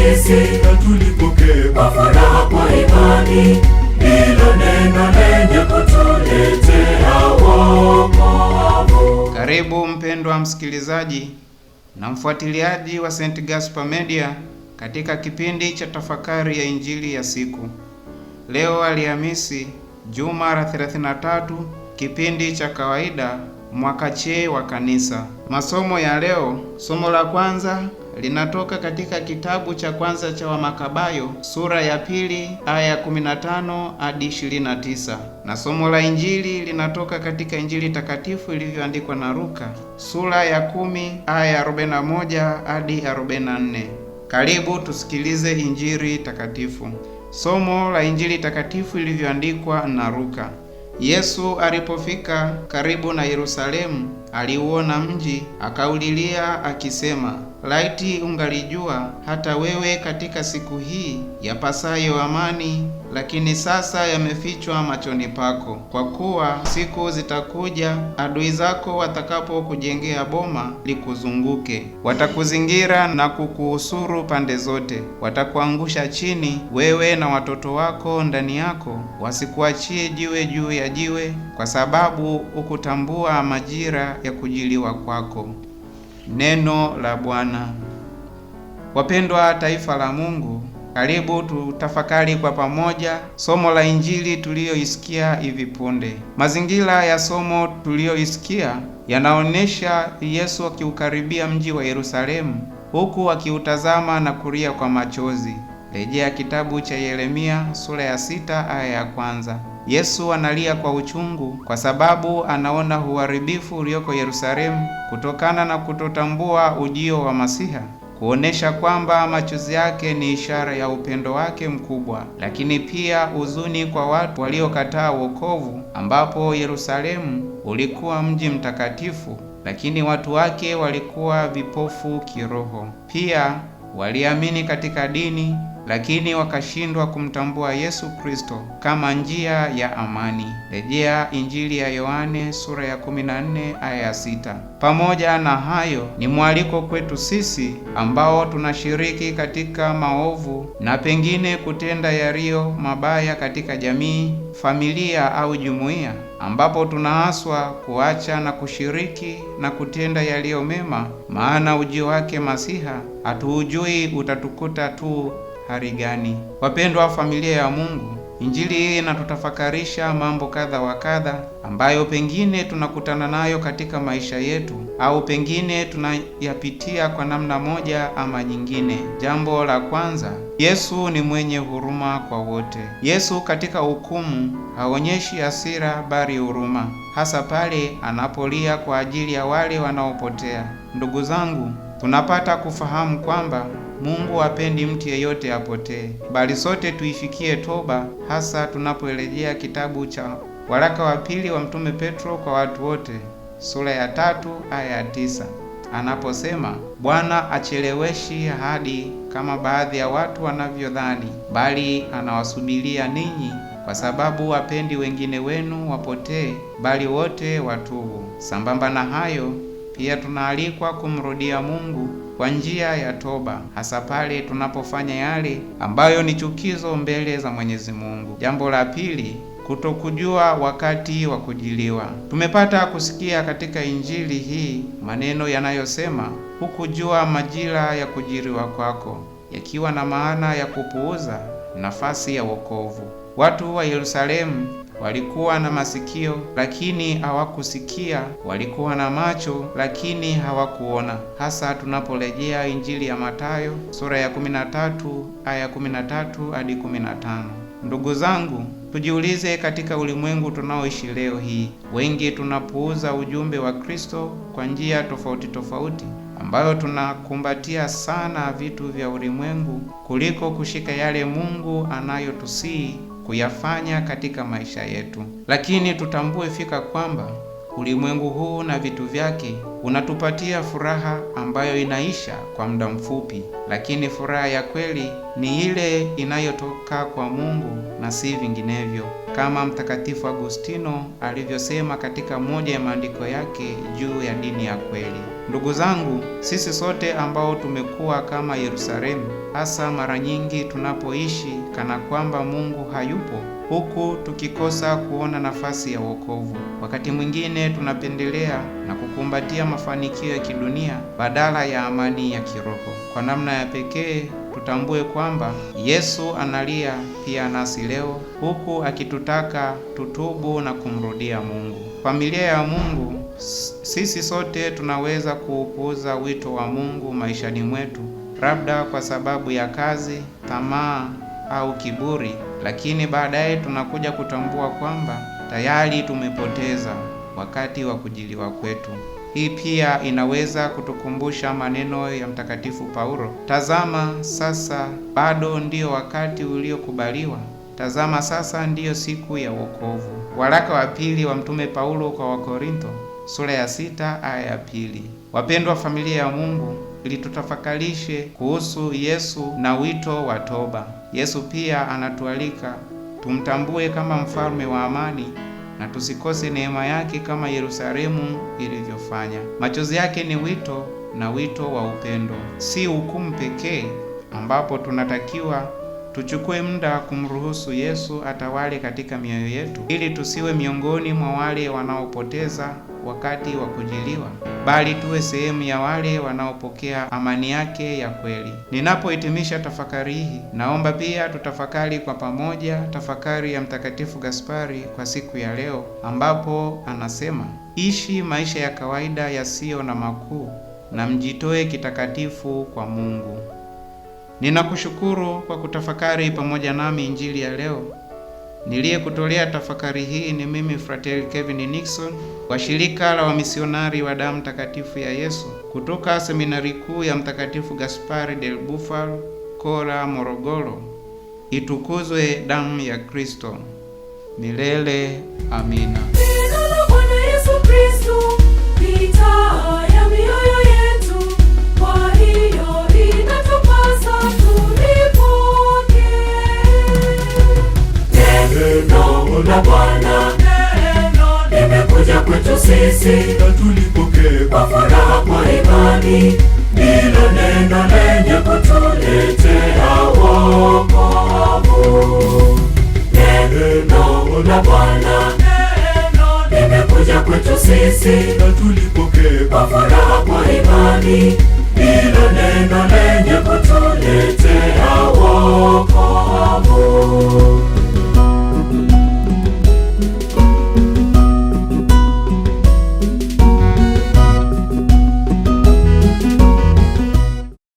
sisi na tulipokea kwa furaha kwa imani hilo neno lenye kutuletea wokovu. Karibu mpendwa msikilizaji na mfuatiliaji wa St. Gaspar Media katika kipindi cha tafakari ya injili ya siku leo Alhamisi, juma la 33 kipindi cha kawaida mwaka C wa Kanisa. Masomo ya leo, somo la kwanza linatoka katika kitabu cha kwanza cha Wamakabayo sura ya pili aya 15 hadi 29, na somo la Injili linatoka katika Injili takatifu ilivyoandikwa na Luka sura ya kumi aya 41 hadi 44. Karibu tusikilize Injili takatifu. Somo la Injili takatifu ilivyoandikwa na Luka. Yesu alipofika karibu na Yerusalemu, aliuona mji akaulilia akisema Laiti ungalijua hata wewe katika siku hii yapasayo amani, lakini sasa yamefichwa machoni pako, kwa kuwa siku zitakuja adui zako watakapokujengea boma likuzunguke, watakuzingira na kukuhusuru pande zote, watakuangusha chini, wewe na watoto wako ndani yako, wasikuachie jiwe juu ya jiwe, kwa sababu ukutambua majira ya kujiliwa kwako. Neno la Bwana. Wapendwa taifa la Mungu, karibu tutafakari kwa pamoja somo la Injili tuliyoisikia hivi punde. Mazingira ya somo tuliyoisikia yanaonyesha Yesu akiukaribia mji wa Yerusalemu, huku akiutazama na kulia kwa machozi. Rejea kitabu cha Yeremia sura ya sita aya ya kwanza. Yesu analia kwa uchungu kwa sababu anaona uharibifu ulioko Yerusalemu kutokana na kutotambua ujio wa Masiha, kuonesha kwamba machozi yake ni ishara ya upendo wake mkubwa, lakini pia huzuni kwa watu waliokataa wokovu, ambapo Yerusalemu ulikuwa mji mtakatifu, lakini watu wake walikuwa vipofu kiroho. Pia waliamini katika dini lakini wakashindwa kumtambua Yesu Kristo kama njia ya amani. Rejea Injili ya Yohane sura ya 14 aya ya Pamoja na hayo, ni mwaliko kwetu sisi ambao tunashiriki katika maovu na pengine kutenda yaliyo mabaya katika jamii, familia au jumuiya, ambapo tunaaswa kuacha na kushiriki na kutenda yaliyo mema, maana ujio wake Masiha hatuujui, utatukuta tu hali gani? Wapendwa familia ya Mungu, Injili hii inatutafakarisha mambo kadha wa kadha ambayo pengine tunakutana nayo katika maisha yetu au pengine tunayapitia kwa namna moja ama nyingine. Jambo la kwanza, Yesu ni mwenye huruma kwa wote. Yesu katika hukumu haonyeshi hasira, bali huruma, hasa pale anapolia kwa ajili ya wale wanaopotea. Ndugu zangu, tunapata kufahamu kwamba Mungu hapendi mtu yeyote apotee, bali sote tuifikie toba, hasa tunapoelejea kitabu cha waraka wa pili wa Mtume Petro kwa watu wote sura ya tatu aya ya tisa anaposema Bwana acheleweshi ahadi kama baadhi ya watu wanavyodhani, bali anawasubiria ninyi, kwa sababu wapendi wengine wenu wapotee, bali wote watubu. Sambamba na hayo, pia tunaalikwa kumrudia Mungu kwa njia ya toba, hasa pale tunapofanya yale ambayo ni chukizo mbele za Mwenyezi Mungu. Jambo la pili kutokujua wakati wa kujiliwa. Tumepata kusikia katika Injili hii maneno yanayosema hukujua majira ya kujiliwa kwako, yakiwa na maana ya kupuuza nafasi ya wokovu. Watu wa Yerusalemu walikuwa na masikio lakini hawakusikia, walikuwa na macho lakini hawakuona, hasa tunaporejea Injili ya Mathayo sura ya 13 aya 13 hadi 15. Ndugu zangu, tujiulize, katika ulimwengu tunaoishi leo hii, wengi tunapuuza ujumbe wa Kristo kwa njia tofauti tofauti ambayo tunakumbatia sana vitu vya ulimwengu kuliko kushika yale Mungu anayotusii kuyafanya katika maisha yetu, lakini tutambue fika kwamba ulimwengu huu na vitu vyake unatupatia furaha ambayo inaisha kwa muda mfupi, lakini furaha ya kweli ni ile inayotoka kwa Mungu na si vinginevyo, kama Mtakatifu Agustino alivyosema katika moja ya maandiko yake juu ya dini ya kweli. Ndugu zangu, sisi sote ambao tumekuwa kama Yerusalemu, hasa mara nyingi tunapoishi kana kwamba Mungu hayupo huku tukikosa kuona nafasi ya wokovu. Wakati mwingine tunapendelea na kukumbatia mafanikio ya kidunia badala ya amani ya kiroho. Kwa namna ya pekee tutambue kwamba Yesu analia pia nasi leo, huku akitutaka tutubu na kumrudia Mungu. Familia ya Mungu, sisi sote tunaweza kuupuuza wito wa Mungu maishani mwetu, labda kwa sababu ya kazi, tamaa au kiburi lakini baadaye tunakuja kutambua kwamba tayari tumepoteza wakati wa kujiliwa kwetu. Hii pia inaweza kutukumbusha maneno ya Mtakatifu Paulo, tazama sasa bado ndiyo wakati uliokubaliwa, tazama sasa ndiyo siku ya wokovu. Waraka wa pili wa Mtume Paulo kwa Wakorintho sura ya sita aya ya pili. Wapendwa familia ya Mungu, litutafakalishe kuhusu Yesu na wito wa toba. Yesu pia anatualika tumtambue kama mfalme wa amani na tusikose neema yake kama Yerusalemu ilivyofanya. Machozi yake ni wito na wito wa upendo, si hukumu pekee ambapo tunatakiwa tuchukue muda kumruhusu Yesu atawale katika mioyo yetu, ili tusiwe miongoni mwa wale wanaopoteza wakati wa kujiliwa, bali tuwe sehemu ya wale wanaopokea amani yake ya kweli. Ninapohitimisha tafakari hii, naomba pia tutafakari kwa pamoja tafakari ya Mtakatifu Gaspari kwa siku ya leo, ambapo anasema ishi maisha ya kawaida yasiyo na makuu na mjitoe kitakatifu kwa Mungu. Ninakushukuru kwa kutafakari pamoja nami injili ya leo. Niliyekutolea tafakari hii ni mimi Frateli Kevin Nixon wa shirika la wamisionari wa damu takatifu ya Yesu kutoka seminari kuu ya Mtakatifu Gaspari del Bufalo, Kora, Morogoro. Itukuzwe damu ya Kristo! Milele amina.